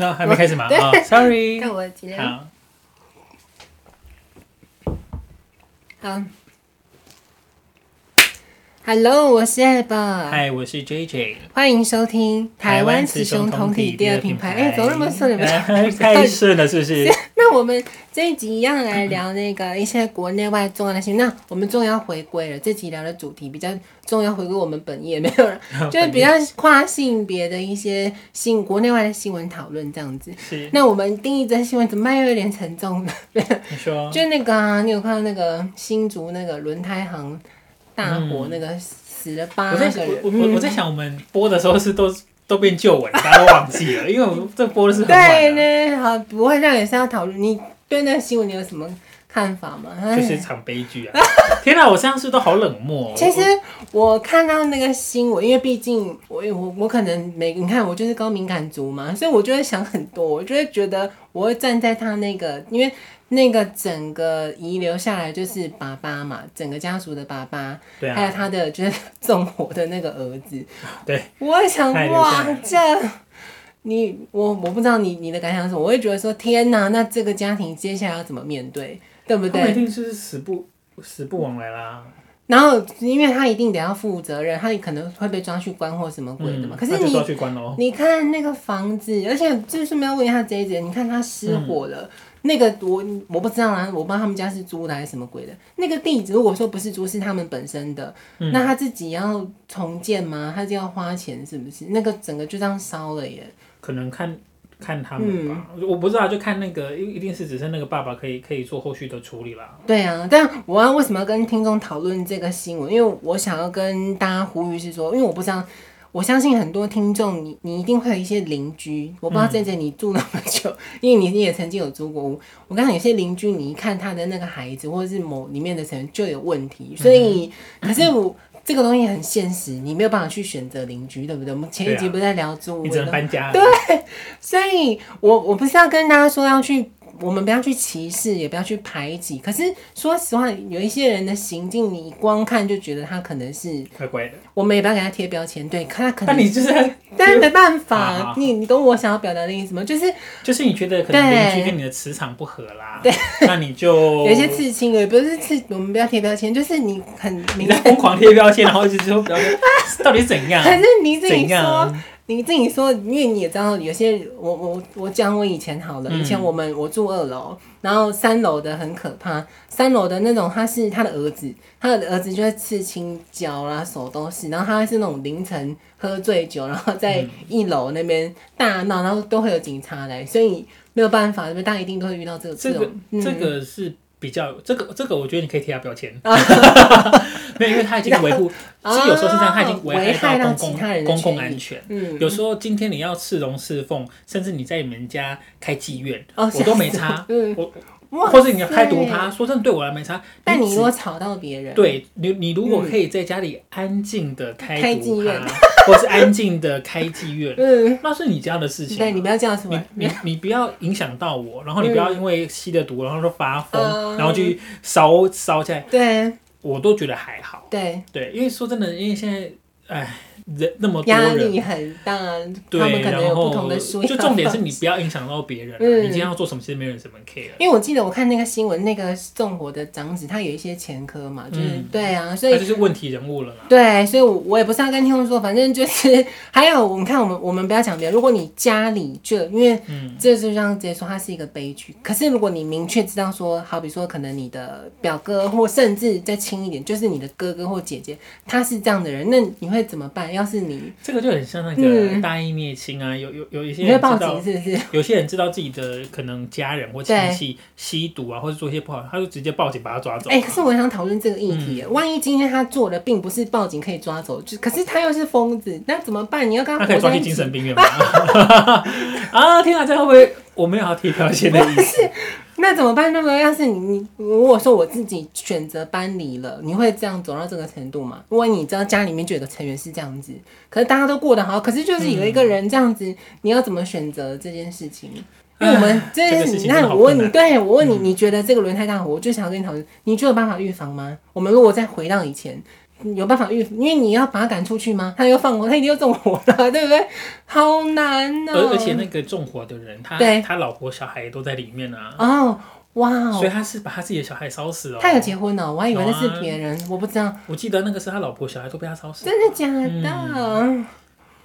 那、no, 還沒開始嘛？啊、oh，Sorry。那我好。好，Hello，我是艾寶。Hi，我是 JJ。歡迎收聽台灣雌雄同體第二品牌。哎、欸，怎麼那麼順？你們太順了， 了是不是？ 我們這一集一樣來聊那個一些國內外重要的新聞、嗯。那我們終於要回歸了，這集聊的主題比較重要，回歸我們本業，沒有人， 就是比較跨性別的一些新國內外的新聞討論這樣子。是。那我們第一則新聞怎麼辦？又有點沉重呢。你說。 就那個、啊，你有看到那個新竹那個輪胎行大火，那個死了八個人。我、嗯嗯、我在想，我，我，在想我們播的時候是都。都變舊聞，大家都忘記了， 因為我們這播的是很晚 對，啊、好，不會讓你也討論。你對那新聞你有什麼？看法嗎？就是場悲劇啊！ 天哪、啊，我上次都好冷漠。其實我看到那個新聞，因為畢竟我我我可能沒……你看我就是高敏感族嘛，所以我就會想很多，我就會覺得我會站在他那個，因為那個整個遺留下來就是爸爸嘛，整個家族的爸爸、啊，還有他的就是縱火的那個兒子，對。我也想哇，這樣你我我不知道你你的感想是什麼，我會覺得說天哪、啊，那這個家庭接下來要怎麼面對？對不對？一定是，不是死不死不往來啦。然後，因為他一定得要負責任，他可能會被抓去關或什麼鬼的嘛。嗯、可是你、哦、你看那個房子，而且就是沒有問他這一節。你看他失火了、嗯，那個我我不知道啊，我不知道他們家是租的還是什麼鬼的。那個地址，如果說不是租，是他們本身的、嗯，那他自己要重建嗎？他就要花錢，是不是？那個整個就這樣燒了耶，可能看。看他們吧、嗯，我不知道，就看那個一一定是只剩那個爸爸可以可以做後續的處理了。對啊，但我要為什麼要跟聽眾討論這個新聞？因為我想要跟大家呼籲是說，因為我不知道，我相信很多聽眾，你你一定會有一些鄰居，我不知道在在你住那麼久，嗯、因為你你也曾經有租過屋，我剛剛有些鄰居，你一看他的那個孩子或者是某裡面的成員就有問題，所以、嗯、可是我。嗯這個東西很現實，你沒有辦法去選擇鄰居，對不對？我們前一集不是在聊住，啊，你只能搬家了。對，所以我我不是要跟大家說要去。我們不要去歧視，也不要去排擠。可是說實話，有一些人的行徑，你光看就覺得他可能是怪怪的。我們也不要給他貼標籤，對，他可能。那你就是，但是沒辦法，啊、你你懂我想要表達的意思嗎？就是就是你覺得可能鄰居跟你的磁場不合啦，對，那你就 有一些刺青也不是刺。我們不要貼標籤，就是你很明明你在瘋狂貼標籤，然後一直說到底怎樣？反 正、啊、你自己說。你自己說，因為你也知道，有些我我我講我以前好了，嗯、以前我們我住二樓，然後三樓的很可怕，三樓的那種他是他的兒子，他的兒子就在刺青腳、啦，手都是，然後他是那種凌晨喝醉酒，然後在一樓那邊大鬧，然後都會有警察來，所以沒有辦法，因為他大家一定都會遇到這個。這個、嗯、這個是。比較這個這個，這個、我覺得你可以貼下標籤， 沒有，因為他已經維護，其實有時候是這樣，哦、他已經危害到公共到公共安全、嗯。有時候今天你要刺龍刺鳳，甚至你在你們家開妓院，嗯、我都沒差。我。嗯或者你要開毒，他說真的對我來沒差。但你如果吵到別人，你嗯、對你，你如果可以在家裡安靜的開毒它開，或是安靜的開妓院，嗯，那是你家的事情、啊。你不要這樣是嗎？是你你，你不要影響到我，然後你不要、嗯、你不要因為吸了毒然後就發瘋，然後就燒燒起來。對，我都覺得還好。對對，因為說真的，因為現在，哎人那麼壓力很大，他們可能有不同的素養。就重點是你不要影響到別人，啊嗯，你今天要做什麼事，沒沒人什麼 care。因為我記得我看那個新聞，那個縱火的長子他有一些前科嘛，就是、嗯、對啊，所以他就是問題人物了，對，所以我，我也不是要跟聽眾說，反正就是還有我們看我們我們不要講別人。如果你家裡就，因為這就是像直接說他是一個悲劇。可是如果你明確知道說，好比說可能你的表哥，或甚至再輕一點，就是你的哥哥或姐姐，他是這樣的人，那你會怎麼辦？要是你，這個就很像那個大義滅親啊，嗯、有有有一些人，報警是不是？有些人知道自己的可能家人或親戚吸毒啊，或者做一些不好，他就直接報警把他抓走。哎、欸，可是我想討論這個議題、嗯，萬一今天他做的並不是報警可以抓走，就可是他又是瘋子，那怎麼辦？你要跟他，他可以抓去精神病院嗎？ 啊，天啊，這會不會我沒有聽錯一些的意思？那怎麼辦？那麼要是你，你如果說我自己選擇搬離了，你會這樣走到這個程度嗎？如果你知道家裡面就有個成員是這樣子，可是大家都過得好，可是就是有一個人這樣子，你要怎麼選擇這件事情？那、嗯、我們、就是、這你、個，那我問你，對，我問你、嗯，你覺得這個輪胎大火，我就想跟你討論，你就有辦法預防嗎？我們如果再回到以前。有辦法預？因為你要把他趕出去嗎？他又放火，他一定又縱火了，對不對？好難呢、喔。而，而且那個縱火的人，他對他老婆小孩都在裡面啊！哦，哇哦！所以他是把他自己的小孩燒死哦。他有結婚哦，我還以為那是別人，oh, 我不知道。我記得那個是他老婆小孩都被他燒死了。真的假的？嗯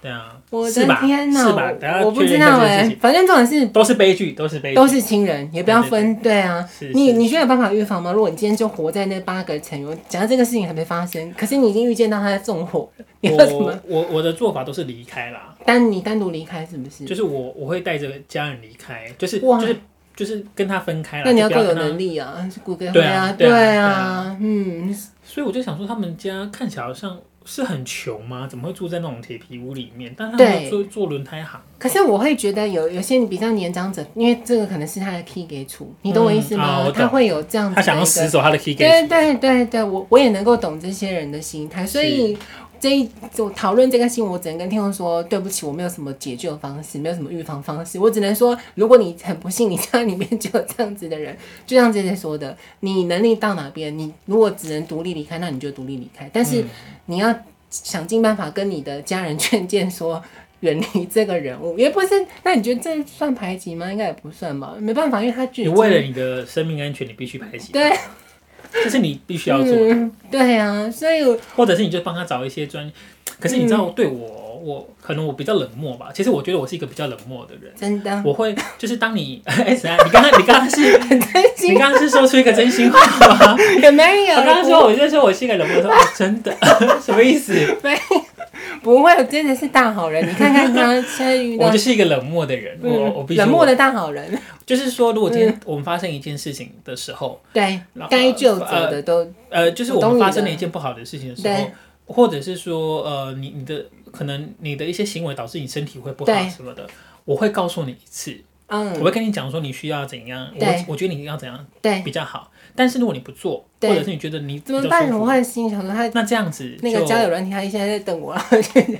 對啊，我的天哪，我，我不知道哎，呃，反正重點是都是悲劇，都是悲劇，都是親人，也不要分。對，對，對，對啊，是是你，你覺得有辦法預防嗎？如果你今天就活在那八個成員，假如這個事情還沒發生，可是你已經預見到他在縱火，你要什麼？我我，我的做法都是離開啦，但你單獨離開是不是？就是我我會帶着家人離開，就是哇就是就是跟他分開了。那你要更有能力啊，是谷歌對啊，對啊，對，啊對啊，嗯。所以我就想說，他們家看起來好像。是很窮嗎？怎麼會住在那種鐵皮屋裡面？但是他做做輪胎行。可是我會覺得有有些比較年長者，因為這個可能是他的 key 給出、嗯，你懂我意思嗎？哦、他會有這樣子、那個，他想要死守他的 key 給出。對對對對，我我也能夠懂這些人的心態，所以。所以，就討論這個新聞，我只能跟聽眾說，對不起，我沒有什麼解救方式，沒有什麼預防方式。我只能說，如果你很不幸，你家裡面就有這樣子的人，就像姐姐說的，你能力到哪邊，你如果只能獨立離開，那你就獨立離開。但是，你要想盡辦法跟你的家人勸諫，說遠離這個人物。也不是，那你覺得這算排擠嗎？應該也不算吧。沒辦法，因為他你為，為了你的生命安全，你必須排擠。對。這是你必須要做的、嗯。對啊，所以我或者是你就幫他找一些專，可是你知道、嗯、對我，我可能我比較冷漠吧。其實我覺得我是一個比較冷漠的人。真的。我會就是當你 S I，、欸、你剛剛你剛剛是， 你剛剛是說出一個真心話嗎？有 沒有，啊、剛剛我剛剛說我就說我是一個冷漠的時候， 我真的，什麼意思？沒。不會，我真的是大好人。你看看他，現在遇到 我就是一個冷漠的人，嗯、我我冷漠的大好人。就是說，如果今天我們發生一件事情的時候，嗯、對，然後，該就責的都呃，呃，就是我們發生了一件不好的事情的時候，或者是說，呃，你你的可能你的一些行為導致你身體會不好什麼的，我會告訴你一次。我會跟你講說，你需要怎樣，我我覺得你要怎樣對比較好。但是如果你不做，或者是你覺得你怎麼，但我換心情那這樣子，那個交友軟體，他現在在等我，啊。就 對，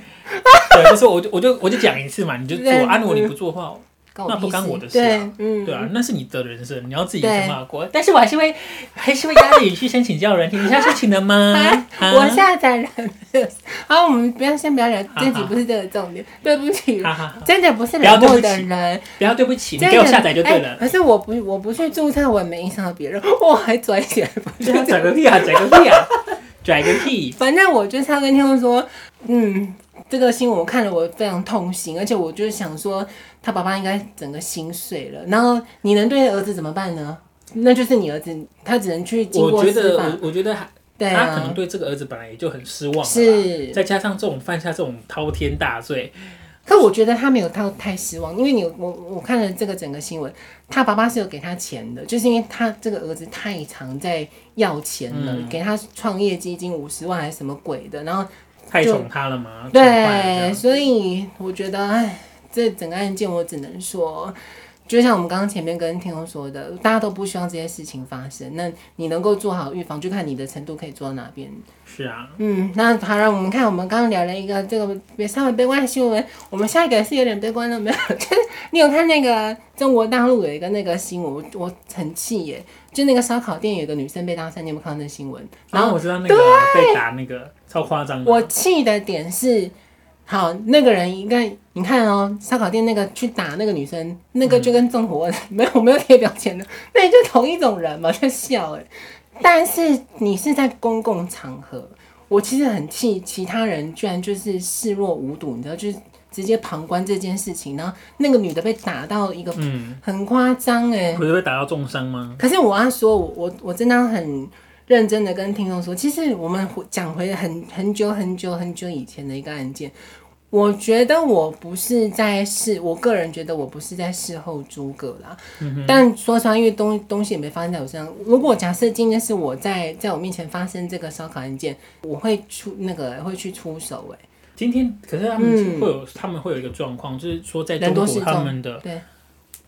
不，就是我就，我就我就我就講一次嘛，你就做啊，如果你不做的話那不干我的事，啊，嗯，對啊，那是你的人生，你要自己承罵過。但是我還是會，還是會壓着語氣先請教人，你、啊、一下說請了嗎？啊啊、我下載人，好、 啊，我們不要先不要聊這、啊、集不是這個重點，啊、對不起、啊，真的不是冷漠的人，不要對不起，嗯，不要不起真要下載就對了。可、欸、是我，我不，我不去註冊，我也沒影響到別人，我還拽起來，拽 個屁啊，拽 個屁啊，拽 個屁、啊 個啊、個屁。反正我就要跟他們說，嗯。這個新聞，我看了，我非常痛心，而且我就是想說，他爸爸應該整個心碎了。然後你能對兒子怎麼辦呢？那就是你兒子，他只能去經過。我覺得，我我覺得他、啊，他可能對這個兒子本來也就很失望了，是再加上這種犯下這種滔天大罪。可我覺得他沒有太失望，因為你我我看了這個整個新聞，他爸爸是有給他錢的，就是因為他這個兒子太常在要錢了，嗯、給他創業基金五十萬還是什麼鬼的，然後。太寵他了嘛？對，所以我覺得，哎，這整個案件，我只能說。就像我們剛剛前面跟天虹說的，大家都不希望這些事情發生。那你能夠做好預防，就看你的程度可以做到哪邊。是啊，嗯，那好，讓我們看我們剛剛聊了一個這個也稍微悲觀的新聞，我們下一個是有點悲觀了沒有？就 是你有看那個中國大陸有一個那個新聞，我我很氣耶，就那個燒烤店有個女生被當三年不看的新聞，然後剛剛我知道那個被打那個超誇張。我氣的點是。好，那個人應該你看哦，燒烤店那個去打那個女生，那個就跟縱火、嗯、沒有沒有貼標籤的，那就同一種人嘛，就笑哎、欸。但是你是在公共場合，我其實很氣，其他人居然就是視若無睹，你知道，就是直接旁觀這件事情，然後那個女的被打到一個，嗯，很誇張哎、欸嗯。可是被打到重傷嗎？可是我要說，我我真的很。認真的跟聽眾說，其實我們講回很很久很久很久以前的一個案件，我覺得我不是在事，我個人覺得我不是在事後諸葛啦。嗯哼。但說實話，因為東東西也沒發生在我身上。如果假設今天是我在在我面前發生這個燒烤案件，我會出那個會去出手哎、欸，今天可是他們會有、嗯、他們會有一個狀況，就是說在中國他們的，對。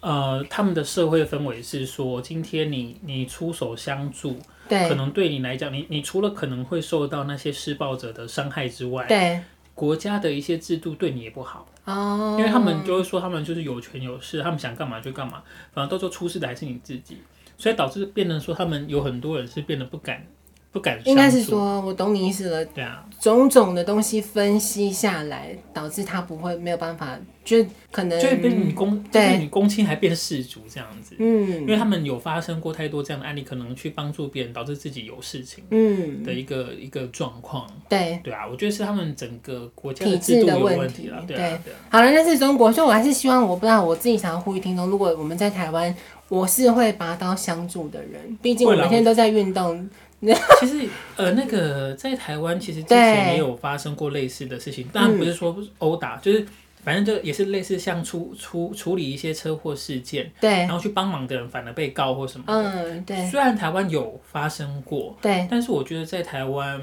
呃，他們的社會氛圍是說，今天你你出手相助，對，可能對你來講，你你除了可能會受到那些施暴者的傷害之外，對，國家的一些制度對你也不好，哦，因為他們就會說，他們就是有權有勢，他們想幹嘛就幹嘛，反正到時候出事的還是你自己，所以導致變成說，他們有很多人是變得不敢。不敢，應該是說，我懂你意思了。對啊，種種的東西分析下來，導致他不會沒有辦法，就可能就被你公，對你公親還變事主這樣子。嗯，因為他們有發生過太多這樣的案例，可能去幫助別人，導致自己有事情。嗯，的一個一個狀況。對，對啊，我覺得是他們整個國家的制度有問題了。對啊，對啊，對啊。對，好了，那是中國，所以我還是希望，我不知道，我自己想要呼籲聽眾，如果我們在台灣，我是會拔刀相助的人，畢竟我每天都在運動。 其實，呃，那個在台灣，其實之前也有發生過類似的事情，當然不是說毆打、嗯，就是反正就也是類似像出，出處理一些車禍事件，然後去幫忙的人反而被告或什麼的，嗯，雖然台灣有發生過，但是我覺得在台灣。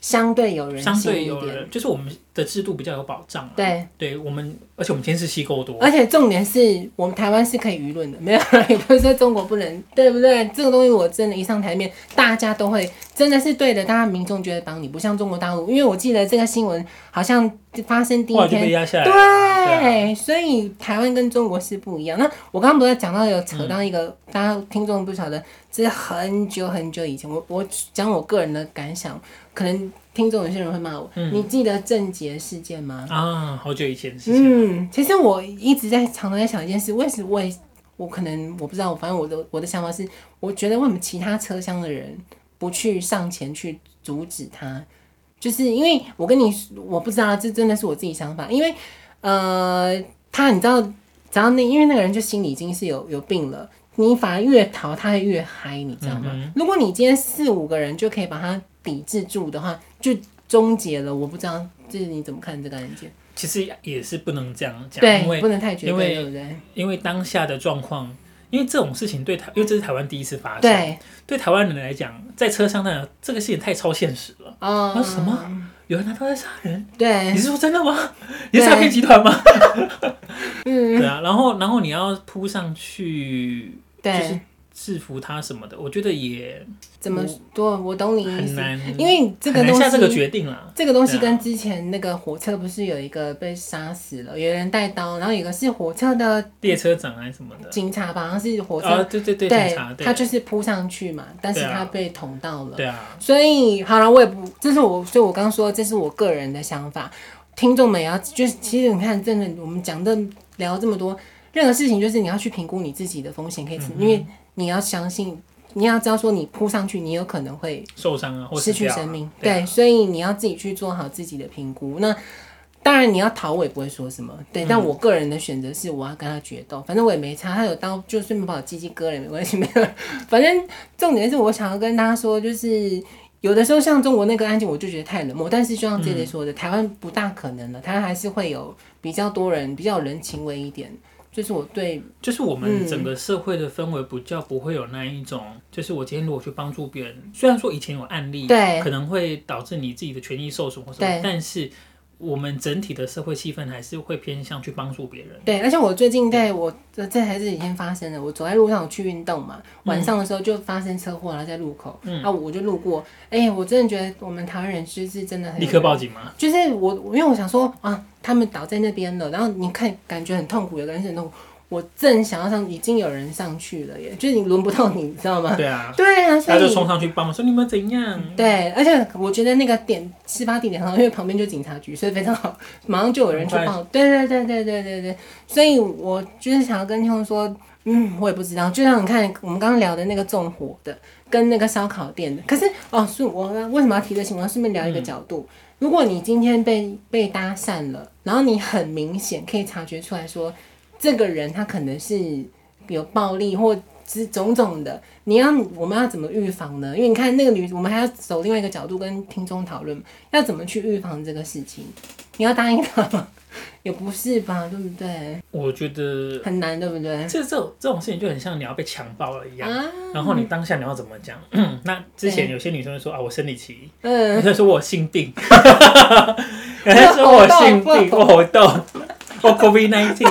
相對有人，相對有人，就是我們的制度比較有保障啊。對，對我們，而且我們監視器夠多。而且重點是我們台灣是可以輿論的，沒有，也不是說中國不能，對不對？這個東西我真的一上台面，大家都會真的是對的。大家民眾覺得幫你，黨你不像中國大陸，因為我記得這個新聞好像發生第一天就被壓下來。對，對啊，所以台灣跟中國是不一樣。那我剛剛不是講到有扯到一個，嗯，大家聽眾不曉得，這是很久很久以前。我我講我個人的感想。可能聽眾有些人會罵我，嗯，你記得鄭捷事件嗎？啊，好久以前的事情。嗯，其實我一直在常常在想一件事，為什麼我我，我可能我不知道，我反正我的我的想法是，我覺得為什麼其他車廂的人不去上前去阻止他？就是因為我跟你，我不知道，啊，這真的是我自己想法，因為呃，他你知道，知道那因為那個人就心裡已經是有有病了。你反而越逃，他越嗨，你知道嗎？嗯嗯如果你今天四五個人就可以把他抵制住的話，就終結了。我不知道，就是你怎麼看這個案件？其實也是不能這樣講，因為不能太絕對，因為當下的狀況，因為這種事情對台，因為這是台灣第一次發生，對，對台灣人來講，在車上呢，這個事情太超現實了。啊，什麼？有人拿刀在殺人？對，你是說真的嗎？你是詐騙集團嗎？嗯， 對啊，然後，然後你要撲上去。對，就是制服他什麼的，我覺得也，怎麼說，我，我懂你意思，因為這個東西，這個決定了，這個東西跟之前那個火車不是有一個被殺死了，啊、有人帶刀，然後有一個是火車的列車長還是什麼的警察吧，是火車，哦，對對對，對警察，他就是撲上去嘛，但是他被捅到了，對啊，對啊，所以好了，我也不，這是我，所以我剛說這是我個人的想法，聽眾們也要，就是其實你看，真的，我們講的聊這麼多。任何事情就是你要去評估你自己的風險，可以、嗯，因為你要相信，你要知道說你撲上去，你有可能會受傷啊，或失去生命。對，所以你要自己去做好自己的評估。那當然，你要逃我也不會說什麼。對，嗯、但我個人的選擇是我要跟他決鬥，反正我也沒差。他有刀，就順便把我雞雞割了沒關係，沒有。反正重點是我想要跟大家說，就是有的時候像中國那個案件，我就覺得太冷漠。但是就像姐姐說的，嗯、台灣不大可能了，台灣還是會有比較多人，比較人情味一點。就是我對，就是我們整個社會的氛圍比較不會有那一種，嗯、就是我今天如果去幫助別人，雖然說以前有案例，對，可能會導致你自己的權益受損或什麼，但是我們整體的社會氣氛還是會偏向去幫助別人。對，而且我最近在我這這是已經發生的，我走在路上，我去運動嘛，晚上的時候就發生車禍了，在路口，啊、嗯，然後，我就路過，哎、欸，我真的覺得我們台灣人其實是真的很，很立刻報警嗎？就是我，因為我想說啊。他們倒在那邊了，然後你看，感覺很痛苦的感覺。是很痛苦。我正想要上，已經有人上去了耶，就是你輪不到你，你知道嗎？對啊，對啊，所以他就衝上去幫忙說你們怎樣？對，而且我覺得那個點事發地點，點好，因為旁邊就警察局，所以非常好，馬上就有人去報，嗯哦。對對對對對對對，所以我就是想要跟他們說，嗯，我也不知道。就像你看我們剛剛聊的那個縱火的，跟那個燒烤店的，可是哦，是我為什麼要提的情況？順便聊一個角度。嗯如果你今天被被搭訕了，然後你很明顯可以察覺出來說，這個人他可能是有暴力或是種種的，你要，我們要怎麼預防呢？因為你看那個女，我們還要走另外一個角度跟聽眾討論，要怎麼去預防這個事情？你要答應他嗎？也不是吧，對不對？我覺得很難，對不對？這這，這種事情就很像你要被強暴了一樣，啊、然後你當下你要怎麼講？那之前有些女生說啊，我生理期，嗯、呃，有說我性病，哈說我性病，我痘， 我 COVID-19，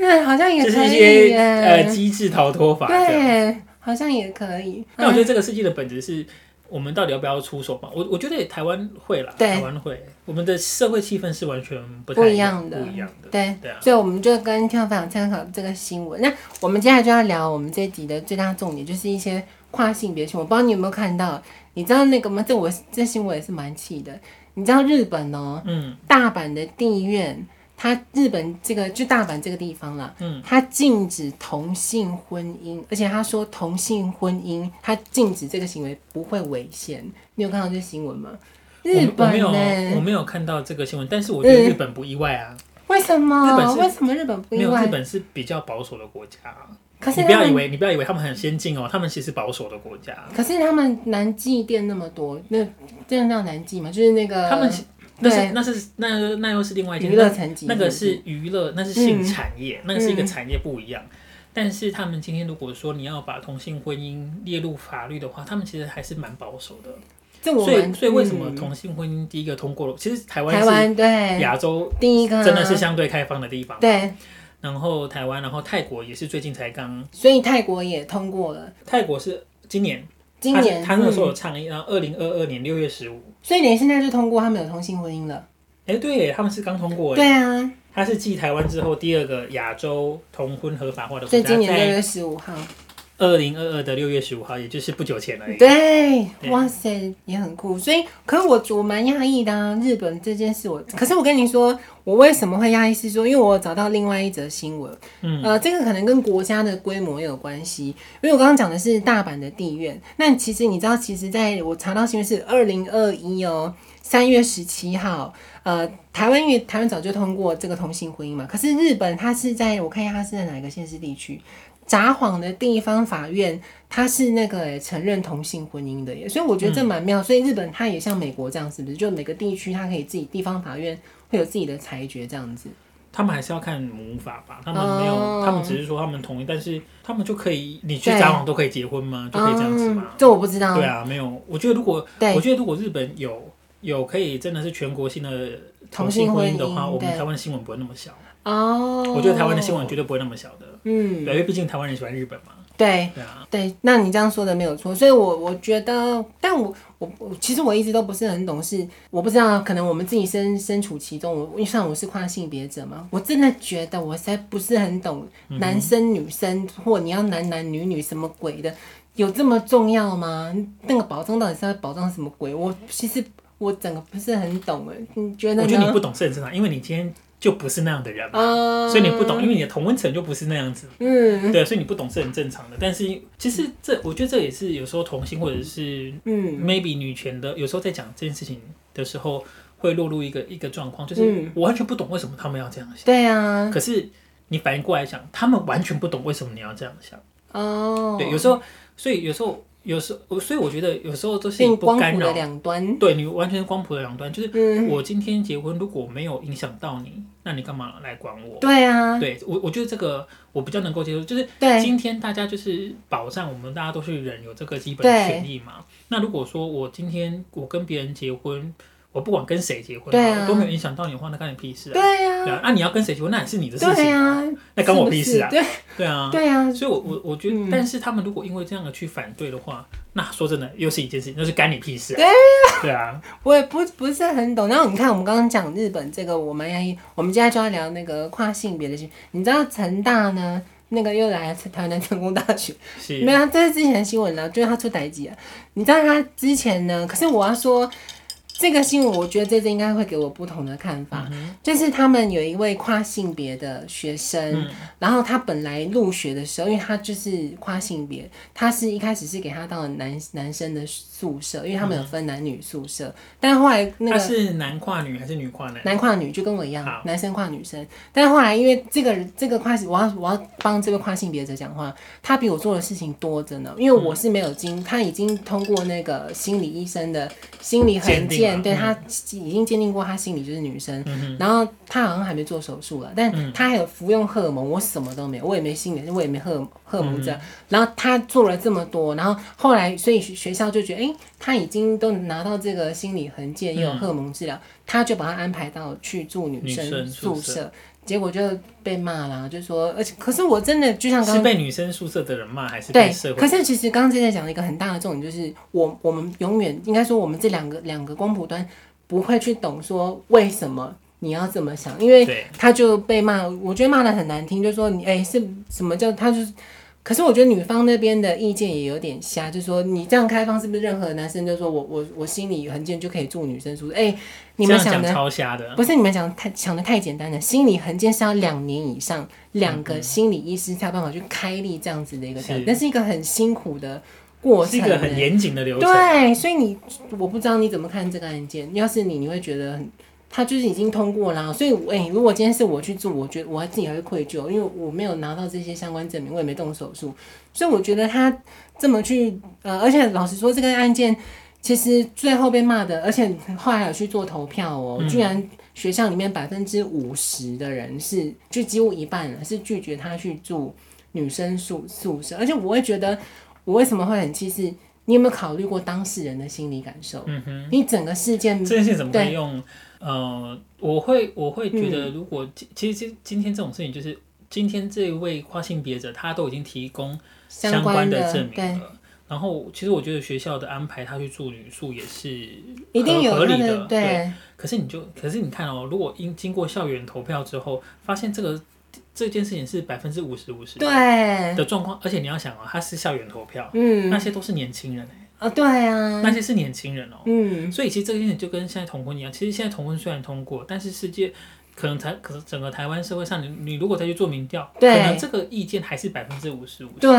那好像也可以、就是一些呃機智逃脫法，對，好像也可以。啊、那我覺得這個世界的本質是。我們到底要不要出手嘛？我我覺得台灣會啦，對台灣會。我們的社會氣氛是完全不，不一樣的，不一樣的。對，對啊。所以我們就跟聽眾分享參考這個新聞。那我們接下來就要聊我們這一集的最大重點，就是一些跨性別新聞。我不知道你有沒有看到？你知道那個嗎？這我這新聞也是蠻氣的。你知道日本哦、喔，嗯，大阪，的地院。他日本這個就大阪這個地方啦，嗯，他禁止同性婚姻，而且他說同性婚姻他禁止這個行為不會違憲。你有看到這新聞嗎？日本、欸、沒有，我沒有看到這個新聞，但是我覺得日本不意外啊。嗯、為什麼？日本為什麼日本不意外沒有？日本是比較保守的國家，啊。可是你不要以為你不要以為他們很先進哦，他們其實是保守的國家。可是他們男妓店那麼多，那真的叫男妓嘛，就是那個他們。但是那是那是那那又是另外一件事，那那個是娛樂，那是性產業，嗯、那個是一個產業不一樣、嗯。但是他們今天如果說你要把同性婚姻列入法律的話，他們其實還是蠻保守的。所以所以為什麼同性婚姻第一個通過了？其實台灣是，對亞洲第一個真的是相對開放的地方。對，啊、對，然後台灣，然後泰國也是最近才剛，所以泰國也通過了。泰國是今年。今年他，他那時候有倡議、嗯，然後二零二二年六月十五，所以你現在是通過他們有同性婚姻了？誒，對，他們是剛通過，對啊，他是繼台灣之後第二個亞洲同婚合法化的國家，所以今年六月十五號。二零二二的六月十五號，也就是不久前了。對，哇塞，也很酷。所以，可是我我蠻壓抑的啊。日本這件事我，我可是我跟你說，我為什麼會壓抑？是說，因為我找到另外一則新聞。嗯，呃，這個可能跟國家的規模也有關係。因為我剛剛講的是大阪的地院。那其實你知道，其實在我查到新聞是二零二一哦，三月十七號。呃，台灣因為台灣早就通過這個同性婚姻嘛。可是日本，它是在我看一下，它是在哪一個縣市地區？札幌的地方法院，他是那個、欸、承認同性婚姻的耶，所以我覺得這蠻妙、嗯。所以日本他也像美國這樣，是不是？就每個地區他可以自己地方法院會有自己的裁決這樣子。他們還是要看母法吧？他們沒有，嗯、他們只是說他們同意，但是他們就可以，你去札幌都可以結婚嗎？就可以這樣子嗎？這、嗯、我不知道。對啊，沒有。我覺得如果我覺得如果日本有有可以真的是全國性的同性婚姻的話，我們台灣新聞不會那麼小哦。我覺得台灣的新聞絕對不會那麼小的。嗯，因為畢竟台灣人喜歡日本嘛。對。對啊。對，那你這樣說的沒有錯，所以我我覺得，但我我其實我一直都不是很懂事。我不知道，可能我們自己身身處其中，我因為算我是跨性別者嘛，我真的覺得我才不是很懂男生女生、嗯、或你要男男女女什麼鬼的，有這麼重要嗎？那個保障到底是要保障什麼鬼？我其實我整個不是很懂的，你覺得呢？我覺得你不懂事是很因為你今天。就不是那樣的人嘛，uh, 所以你不懂，因為你的同溫層就不是那樣子。嗯，對，所以你不懂是很正常的。但是其實這，我覺得這也是有時候同性或者是嗯，maybe 女權的，有時候在講這件事情的時候，會落入一個一個狀況，就是我完全不懂為什麼他們要這樣想。嗯、對呀、啊，可是你反應過來想，他們完全不懂為什麼你要這樣想。哦、oh.，對，有時候，所以有時候。有時候，所以我覺得有時候就是不干擾。對，你完全是光譜的兩端，就是我今天結婚如果沒有影響到你，嗯、那你幹嘛來管我？對啊，對我我覺得這個我比較能夠接受，就是今天大家就是保障我們大家都是人有這個基本權益嘛。那如果說我今天我跟別人結婚。我不管跟誰結婚，我、啊、都沒有影響到你的話，那干你屁事、啊？對呀、啊啊。那你要跟誰結婚，那也是你的事情對啊。那關我屁事啊？是是對對啊，對啊。所以我，我我我覺得、嗯，但是他們如果因為這樣的去反對的話，那說真的，又是一件事情，那是干你屁事、啊。對啊對啊。我也不不是很懂。然後你看，我們剛剛講日本這個我，我們要我們接下來就要聊那個跨性別的事情。你知道成大呢？那個又來台灣成功大學？沒有、啊，這是之前的新聞了、啊，就是他出台級、啊。你知道他之前呢？可是我要說。這個新聞，我覺得這次應該會給我不同的看法、嗯。就是他們有一位跨性別的學生、嗯，然後他本來入學的時候，因為他就是跨性別，他是一開始是給他到了男男生的宿舍，因為他們有分男女宿舍。嗯、但後來那個他是男跨女還是女跨男女？男跨女就跟我一樣，男生跨女生。但後來因為這個這個跨，我要我要幫這個跨性別者講話，他比我做的事情多着呢，因為我是沒有經，他已經通過那個心理醫生的心理衡鑑。對他已經鑑定過，他心裡就是女生、嗯。然後他好像還沒做手術了，但他還有服用荷爾蒙。我什麼都沒有，我也沒心理，我也沒荷荷爾蒙治、嗯、然後他做了這麼多，然後後來，所以學校就覺得，哎、欸，他已經都拿到這個心理痕跡，又有荷爾蒙治療、嗯，他就把他安排到去住女,女生宿舍。結果就被罵了，就說，而且可是我真的就像剛剛是被女生宿舍的人罵還是被社會？對，可是其實剛剛在講了一個很大的重點，就是我我們永遠應該說我們這兩個兩個光譜端不會去懂說為什麼你要這麼想，因為他就被罵，我覺得罵得很難聽，就說你哎、欸、是什麼叫他就是。可是我覺得女方那邊的意見也有點瞎，就是說你這樣開放，是不是任何男生就說我我我心理衡鑑，就可以住女生宿舍？哎、欸，你們想的超瞎的，不是你們想太想的太簡單了。心理衡鑑是要兩年以上，兩、嗯嗯、個心理醫師才有辦法去開立這樣子的一個條件，那是，是一個很辛苦的過程，是一個很嚴謹的流程。對，所以你我不知道你怎麼看這個案件，要是你你會覺得很。他就是已經通過了，所以，哎、欸，如果今天是我去做，我覺得我還自己還會愧疚，因為我沒有拿到這些相關證明，我也沒動手術，所以我覺得他這麼去，呃，而且老實說，這個案件其實最後被罵的，而且後來有去做投票哦、喔，居然學校裡面百分之五十的人是，就幾乎一半人是拒絕他去住女生宿宿舍，而且我會覺得，我為什麼會很氣？是，你有沒有考慮過當事人的心理感受？嗯哼，你整個事件這件事怎麼會用？呃，我會我會覺得如果其、嗯、其實今今天這種事情，就是今天這位跨性別者他都已經提供相關的證明了對，然後其實我覺得學校的安排他去住女宿也是一定合理的,的對，對。可是你就可是你看哦、喔，如果因經過校園投票之後，發現這個這件事情是百分之五十五十對的狀況，而且你要想哦、喔，他是校園投票，嗯，那些都是年輕人、欸啊、oh，對啊，那些是年輕人哦，嗯，所以其實這個意見就跟現在同婚一樣，其實現在同婚雖然通過，但是世界可能才，可是整個台灣社會上你，你你如果再去做民調，可能這個意見還是百分之五十五，對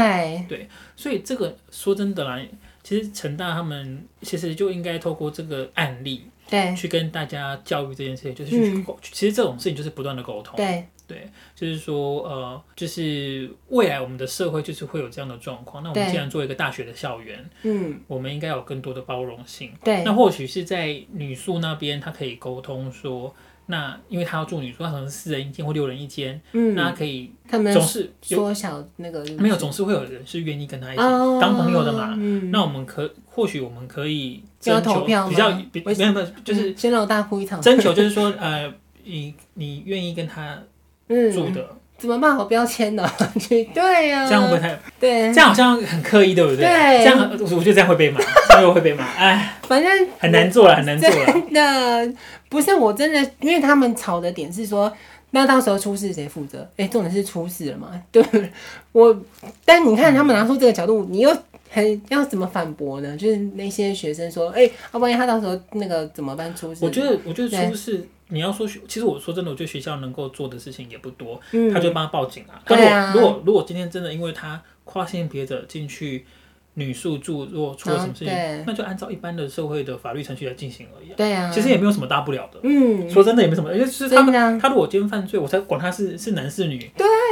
對，所以這個說真的來，其實陳大他們其實就應該透過這個案例，對，去跟大家教育這件事情，就是去、嗯、其實這種事情就是不斷的溝通，對。對，就是說，呃，就是未來我們的社會就是會有這樣的狀況。那我們既然做一個大學的校園，嗯，我們應該有更多的包容性。對，那或許是在女宿那邊，他可以溝通說，那因為他要住女宿，他可能是四人一間或六人一間，嗯，那可以，他們總是縮小那個，沒有，總是會有人是願意跟他一起當朋友的嘛。哦、嗯，那我們可或許我們可以徵求比較，比較比，沒有沒有，就是，就是、嗯、先讓我大哭一場。徵求就是說，呃，你你願意跟他。嗯、住的怎麼罵好標籤呢？ 對呀、啊，這樣我不太對。這樣好像很刻意，對不對？對，這樣我覺得這樣會被罵， 這樣又會被罵。哎，反正很難做了，很難做了。真的不是我，真的，因為他們吵的點是說，那到時候出事誰負責？哎、欸，重點是出事了嘛？對，我，但你看他們拿出這個角度，嗯、你又。還要怎麼反駁呢？就是那些學生說：“哎、欸，萬一他到時候那個怎麼辦？出事？”我覺得，我覺得出事，你要說，其實我說真的，我覺得學校能夠做的事情也不多。嗯、他就幫他報警啊。如果、啊、如果如果今天真的因為他跨性別者進去。女宿住若出了什麼事情、啊，那就按照一般的社會的法律程序來進行而已、啊。對啊，其實也沒有什麼大不了的。嗯，說真的也沒什麼，而且是他們、啊，他如果今天犯罪，我才管他是是男是女。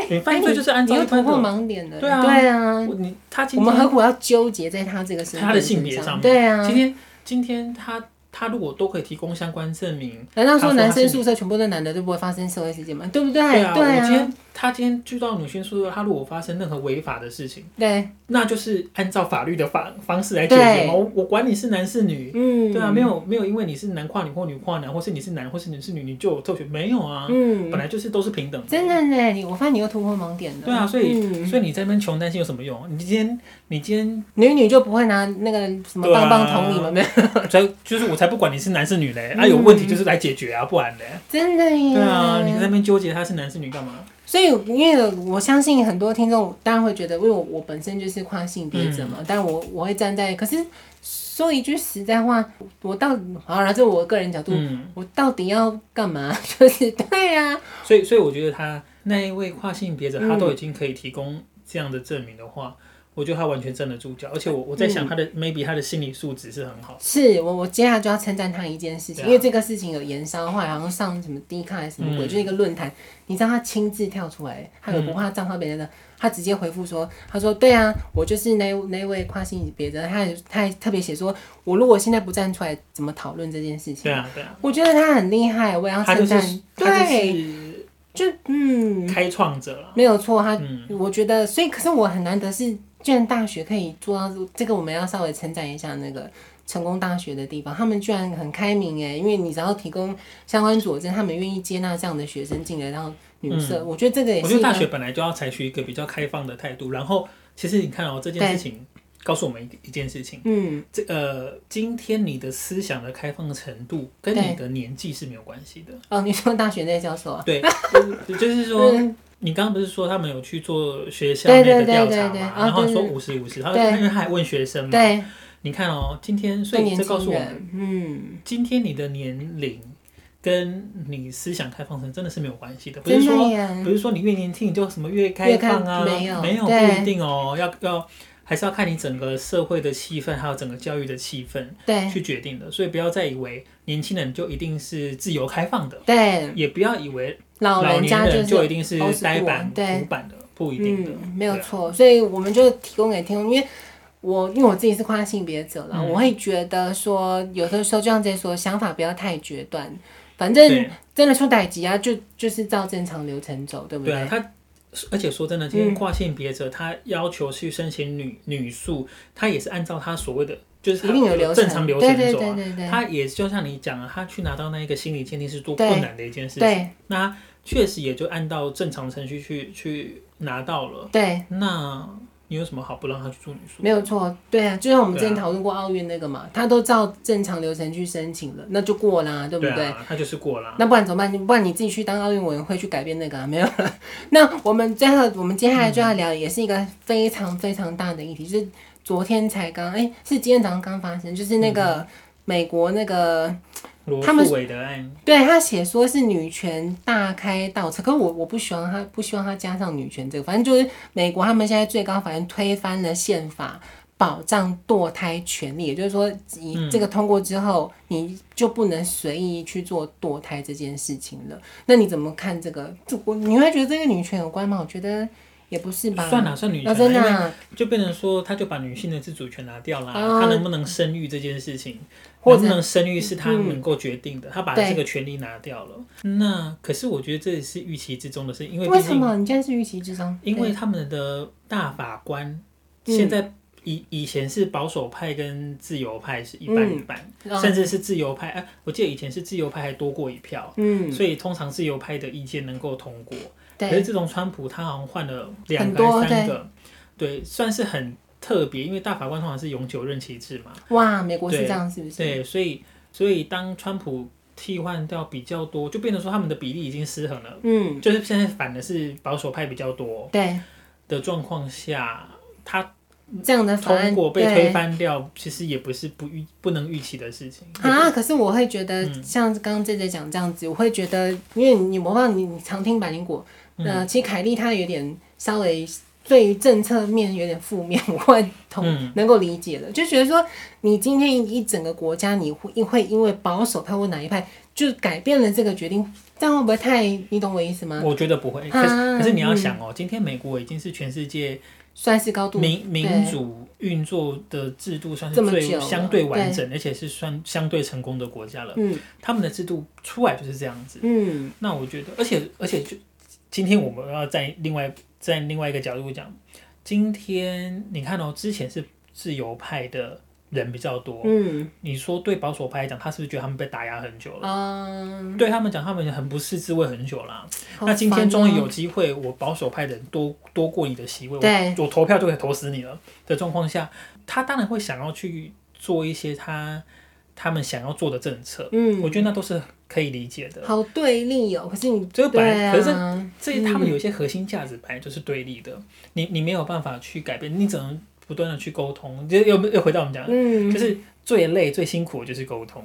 對，犯罪就是按照犯罪。突破盲點的。對啊，對啊。你他今天我們何苦要糾結在他這個身、份身他、他的性別上面？對啊，今天今天他他如果都可以提供相關證明，難道說男生宿舍全部都是男的就不會發生社會事件嗎？對不對？對啊。對啊對啊他今天知道女生說他如果發生任何違法的事情，對，那就是按照法律的方方式來解決嘛。我我管你是男是女，嗯，對啊，沒有沒有，因為你是男跨女或女跨男，或是你是男或是你是女，你就有特權？沒有啊，嗯，本來就是都是平等的。真的嘞，你我發現你又突破盲點了。對啊，所以、嗯、所以你在那邊窮擔心有什麼用？你今天你今天女女就不會拿那個什麼棒棒捅你了的、啊？所 以就是我才不管你是男是女嘞，那、嗯啊、有問題就是來解決啊，不然嘞，真的耶。對啊，你在那邊糾結他是男是女幹嘛？所以，因為我相信很多聽眾當然會覺得，因為我我本身就是跨性別者嘛，嗯、但我我會站在，可是說一句實在話，我，我到好，然後就我個人角度，嗯、我到底要幹嘛？就是對啊，所以所以我覺得他那一位跨性別者，嗯，他都已經可以提供這樣的證明的話。我覺得他完全站得住腳，而且我我在想他的、嗯、maybe 他的心理素質是很好的。是我我接下來就要稱讚他一件事情，啊，因為這個事情有延燒，後來好像上什麼 D 卡還是什麼鬼，嗯、就是、一個論壇，你知道他親自跳出來、嗯，他也不怕髒話別人的、嗯，他直接回復說，他說對啊，我就是那那位跨性別的，他他特別寫說，我如果現在不站出來，怎麼討論這件事情？對啊對啊，我覺得他很厲害，我也要稱讚。就是對，就是、對，就嗯，開創者了，沒有錯。他、嗯、我覺得，所以可是我很難得是。居然，大學可以做到這個，我們要稍微稱讚一下那個成功大學的地方，他們居然很開明哎、欸！因為你只要提供相關佐證，他們願意接納這樣的學生進來到女舍、嗯，我覺得這個也是。我覺得大學本來就要採取一個比較開放的態度。然後，其實你看哦、喔，這件事情告訴我們一一件事情。嗯。這呃，今天你的思想的開放程度跟你的年紀是沒有關係的。哦，你說大學在教授？啊，對，就是、就是、說。嗯你剛剛不是說他們有去做學校內的調查嘛？然後說五十五十，他、啊啊、因為他還問學生嘛。你看哦、喔，今天所以你這告訴我們，嗯，今天你的年齡跟你思想開放程度真的是沒有關係的。不是說，不是說你越年輕你就什麼越開放啊？沒有，沒有不一定哦、喔，要要。還是要看你整個社會的氣氛，還有整個教育的氣氛，對，去決定的。所以不要再以為年輕人就一定是自由開放的，對，也不要以為老人家就就一定是呆板、古板的，不一定的，嗯、沒有錯。所以我們就提供給聽眾，因為我因為我自己是跨性別者了、嗯，我會覺得說，有的時候就像這些說，想法不要太決斷，反正真的出代誌啊，就就是照正常流程走，對不對？對啊。而且說真的，今天跨性別者，他要求去申請女、嗯、女宿，他也是按照他所謂的就是他的正常流程走啊程，對對對對。他也就像你講的、啊，他去拿到那一個心理鑑定是多困難的一件事情。對，對那確實也就按照正常程序去去拿到了。對，那。你有什麼好不讓他去住女宿舍？沒有錯，對啊，就像、是、我們之前討論過奧運那個嘛、啊，他都照正常流程去申請了，那就過啦，對不對？對、啊、他就是過啦。那不然怎麼辦，你不然你自己去當奧運委員會去改變那個啊？沒有了。 那我們最後，我們接下來就要聊，也是一個非常非常大的議題，嗯、就是昨天才剛，哎，是今天早上剛發生，就是那個美國那個。他們，羅訴韋德案，對，他寫說是女權大開倒車，可是我我不希望他不希望他加上女權這個，反正就是美國他們現在最高法院推翻了憲法保障墮胎權利，也就是說你這個通過之後、嗯、你就不能隨意去做墮胎這件事情了。那你怎麼看這個？你你會覺得這個女權有關嗎？我覺得。也不是吧，算了、啊，算女權、啊。那真、啊、因為就變成說，他就把女性的自主權拿掉了、啊啊。他能不能生育這件事情，或者能不能生育是他能夠決定的、嗯，他把這個權利拿掉了。那可是我覺得這也是預期之中的事，因為畢竟為什麼你現在是預期之中？因為他們的大法官、嗯、現在以以前是保守派跟自由派是一半一半、嗯，甚至是自由派。哎、嗯啊，我記得以前是自由派還多過一票，嗯、所以通常自由派的意見能夠通過。可是這種川普他好像換了兩個三個，對，對，算是很特別，因為大法官通常是永久任期制嘛。哇，美國是這樣是不是？對，對，所以所以當川普替換掉比較多，就變成說他們的比例已經失衡了。嗯，就是現在反的是保守派比較多。對。的狀況下，他這樣的通過被推翻掉，其實也不是不預不能預期的事情啊。可是我會覺得，像剛剛 JJ 講這樣子，嗯，我會覺得，因為你模仿你，你，你常聽百靈果。那、嗯呃、其實凱利他有點稍微對於政策面有點負面，我會同能夠理解的、嗯，就覺得說你今天一整個國家你會會因為保守派或哪一派就改變了這個決定，這樣會不會太？你懂我意思嗎？我覺得不會。可是、啊、可是你要想哦、喔嗯，今天美國已經是全世界算是高度民民主運作的制度，算是最相對完整對，而且是算相對成功的國家了。嗯，他們的制度出來就是這樣子。嗯，那我覺得，而且而且就。今天我們要在另外在另外一個角度講，今天你看哦、喔，之前是自由派的人比較多，嗯，你說對保守派來講，他是不是覺得他們被打壓很久了？嗯，對他們講，他們很不是滋味很久了，啊喔。那今天終於有機會，我保守派的人多多過你的席位，我，我投票就可以投死你了的狀況下，他當然會想要去做一些他他們想要做的政策。嗯，我覺得那都是。可以理解的，好對立哦！可是你，就本來、啊、可是這，這他們有一些核心價值，本來就是對立的，嗯、你你沒有辦法去改變，你只能不斷的去溝通。就又又回到我們講，就、嗯、是最累、最辛苦就是溝通，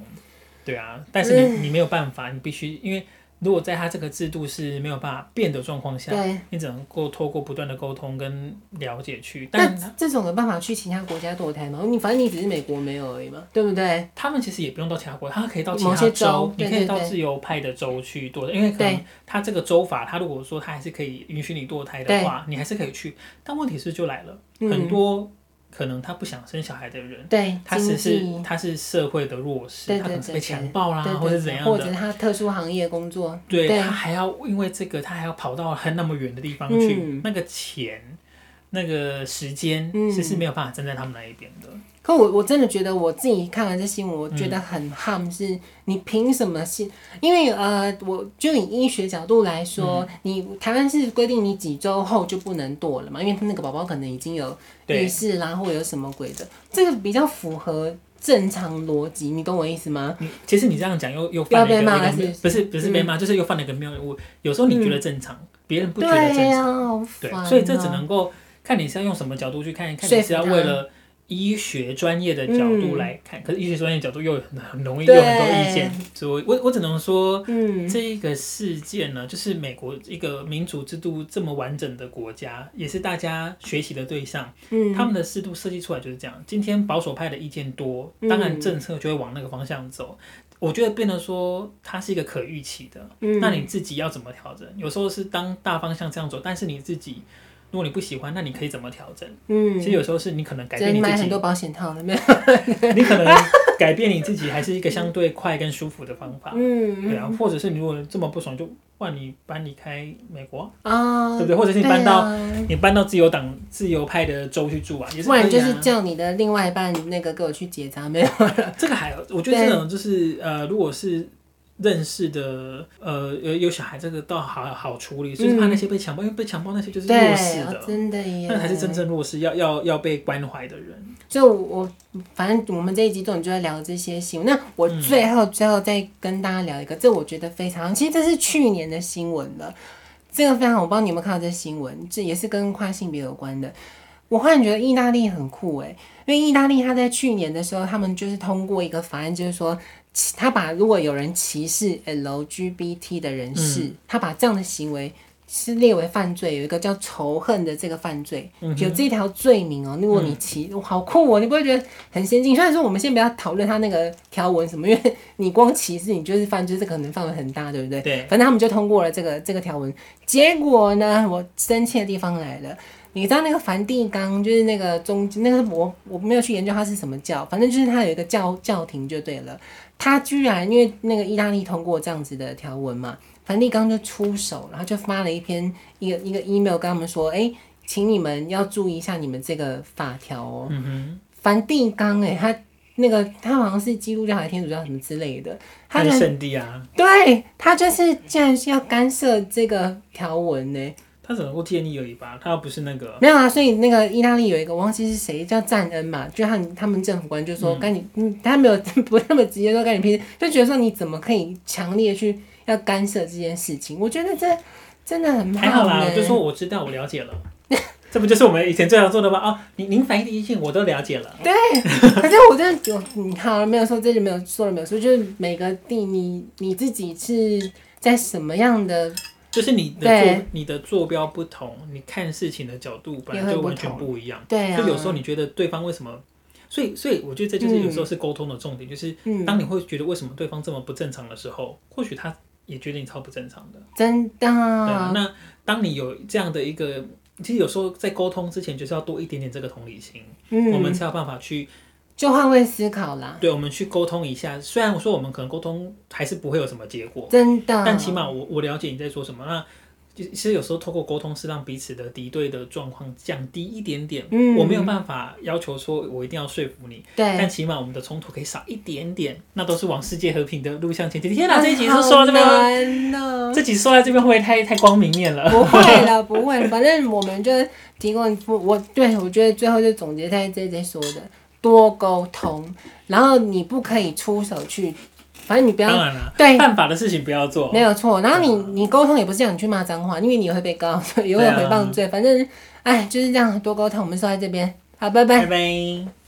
對啊。但是你、嗯、你沒有辦法，你必須因為。如果在他這個制度是沒有辦法變的狀況下，你只能夠透過不斷的溝通跟了解去。但這種的辦法去其他國家墮胎嗎？你反正你只是美國沒有而已嘛，對不對？他們其實也不用到其他國家，他可以到其他州，州，你可以到自由派的州去墮胎，對對對，因為可能他這個州法，他如果說他還是可以允許你墮胎的話，你還是可以去。但問題是，是就來了、嗯、很多。可能他不想生小孩的人，對，他只是他是社會的弱勢，對對對對他可能是被強暴啦，或者怎樣的，或者是他特殊行業工作，對，對，對他還要因為這個，他還要跑到很那麼遠的地方去，嗯、那個錢。那個時間其實是沒有辦法站在他們那一邊的，嗯。可我我真的覺得我自己看完這新聞，我覺得很恨，嗯，是你憑什麼信？是因為呃，我就以醫學角度來說，嗯、你台灣是規定你幾周後就不能墮了嘛？因為他那個寶寶可能已經有意識啦，或有什麼鬼的，這個比較符合正常邏輯。你懂我意思嗎？嗯、其實你這樣講又又不要被罵了是是是，不是不是被罵、嗯，就是又犯了一個謬誤。有時候你覺得正常，別、嗯、人不覺得正常，對、啊啊對，所以這只能夠。看你是要用什麼角度去看，看你是要為了醫學專業的角度來看，嗯、可是醫學專業的角度又很容易又有很多意見，所以我我只能說，嗯，這一個事件呢，就是美國一個民主制度這麼完整的國家，也是大家學習的對象，嗯，他們的制度設計出來就是這樣。今天保守派的意見多，當然政策就會往那個方向走。嗯、我覺得變得說它是一個可預期的、嗯，那你自己要怎麼調整？有時候是當大方向這樣走，但是你自己。如果你不喜歡，那你可以怎麼調整？嗯，其實有時候是你可能改變你自己買很多保險套的，沒有？ 你可能改變你自己，還是一個相對快跟舒服的方法。嗯，對啊，或者是你如果這麼不爽，就換你搬離開美國啊，哦，對不對？或者是你搬到，啊，你搬到自由黨、自由派的州去住啊，也是可以或者，啊，是叫你的另外一半那個給我去結紮，沒有？ 這個還有，我覺得這種就是呃，如果是。認識的，呃，有有小孩這個倒好好處理，嗯，就是怕那些被強暴，因為被強暴那些就是弱勢的，那才、哦、真的耶、是真正弱勢，要要要被關懷的人。就我反正我們這一集重點就在聊這些新聞。那我最後、嗯、最後再跟大家聊一個，這我覺得非常，其實這是去年的新聞了。這個非常，好。我不知道你有沒有看到這新聞，這也是跟跨性別有關的。我忽然覺得意大利很酷哎，因為意大利他在去年的時候，他們就是通過一個法案，就是說。他把如果有人歧視 LGBT 的人士，嗯，他把這樣的行為是列為犯罪，有一個叫仇恨的這個犯罪，嗯，有這條罪名哦，喔。如果你歧，嗯，好酷哦，喔，你不會覺得很先進？雖然說我們先不要討論他那個條文什麼，因為你光歧視你就是犯罪，這，就是、可能範圍很大，對不對？對。反正他們就通過了這個這個條文。結果呢，我生氣的地方來了。你知道那個梵蒂岡就是那個中那個我我沒有去研究他是什麼教，反正就是他有一個教教廷就對了。他居然，因為那個意大利通過這樣子的條文嘛，梵蒂岡就出手，然後就發了一篇一個一個 email 跟他們說，哎、欸，請你們要注意一下你們這個法條哦。嗯哼。梵蒂岡誒、欸，他那個他好像是基督教還是天主教什麼之類的，他是聖、啊、地啊，對，他就是竟然是要干涉這個條文呢、欸。他只能不建議尾巴？他又不是那個。沒有啊，所以那個意大利有一個，我忘記是誰叫贊恩嘛，就他們他們政府官就說，跟、嗯、你、嗯，他沒有不，那麼直接說跟你拼’，就覺得說你怎麼可以強烈去要干涉這件事情？我覺得這真的很好、欸、還好啦，我就說我知道，我了解了， 這不就是我們以前最常做的嗎？哦，您您反映的意見我都了解了。對，反正我真的覺你看啊，沒有說這裡沒有，說了沒有，所以就是每個地，你你自己是在什麼樣的？就是你的坐，你的坐標不同，你看事情的角度本來就完全不一樣。對，就有時候你覺得對方為什麼？所以，所以我覺得這就是有時候是溝通的重點。就是當你會覺得為什麼對方這麼不正常的時候，或許他也覺得你超不正常的。真的。對，那當你有這樣的一個，其實有時候在溝通之前就是要多一點點這個同理心，嗯，我們才有辦法去。就換位思考啦，對我們去溝通一下。雖然我說我們可能溝通還是不會有什麼結果，真的。但起碼我我了解你在說什麼。那就其實有時候透過溝通，是讓彼此的敵對的狀況降低一點點。嗯，我沒有辦法要求說我一定要說服你，對。但起碼我們的衝突可以少一點點，那都是往世界和平的路向前進。天哪、啊，這一集是說，說到這邊了，完了，這集說到這邊會不會太太光明面了？不會了，不會了。 反正我們就提供。我我對我覺得最後就總結在這一集說的。多溝通，然後你不可以出手去，反正你不要，對，犯法的事情不要做，沒有錯。然後你、呃、你溝通也不是這樣去罵髒話，因為你會被告，也會毀謗罪、啊。反正，哎，就是這樣，多溝通。我們說在這邊，好，拜拜，拜拜。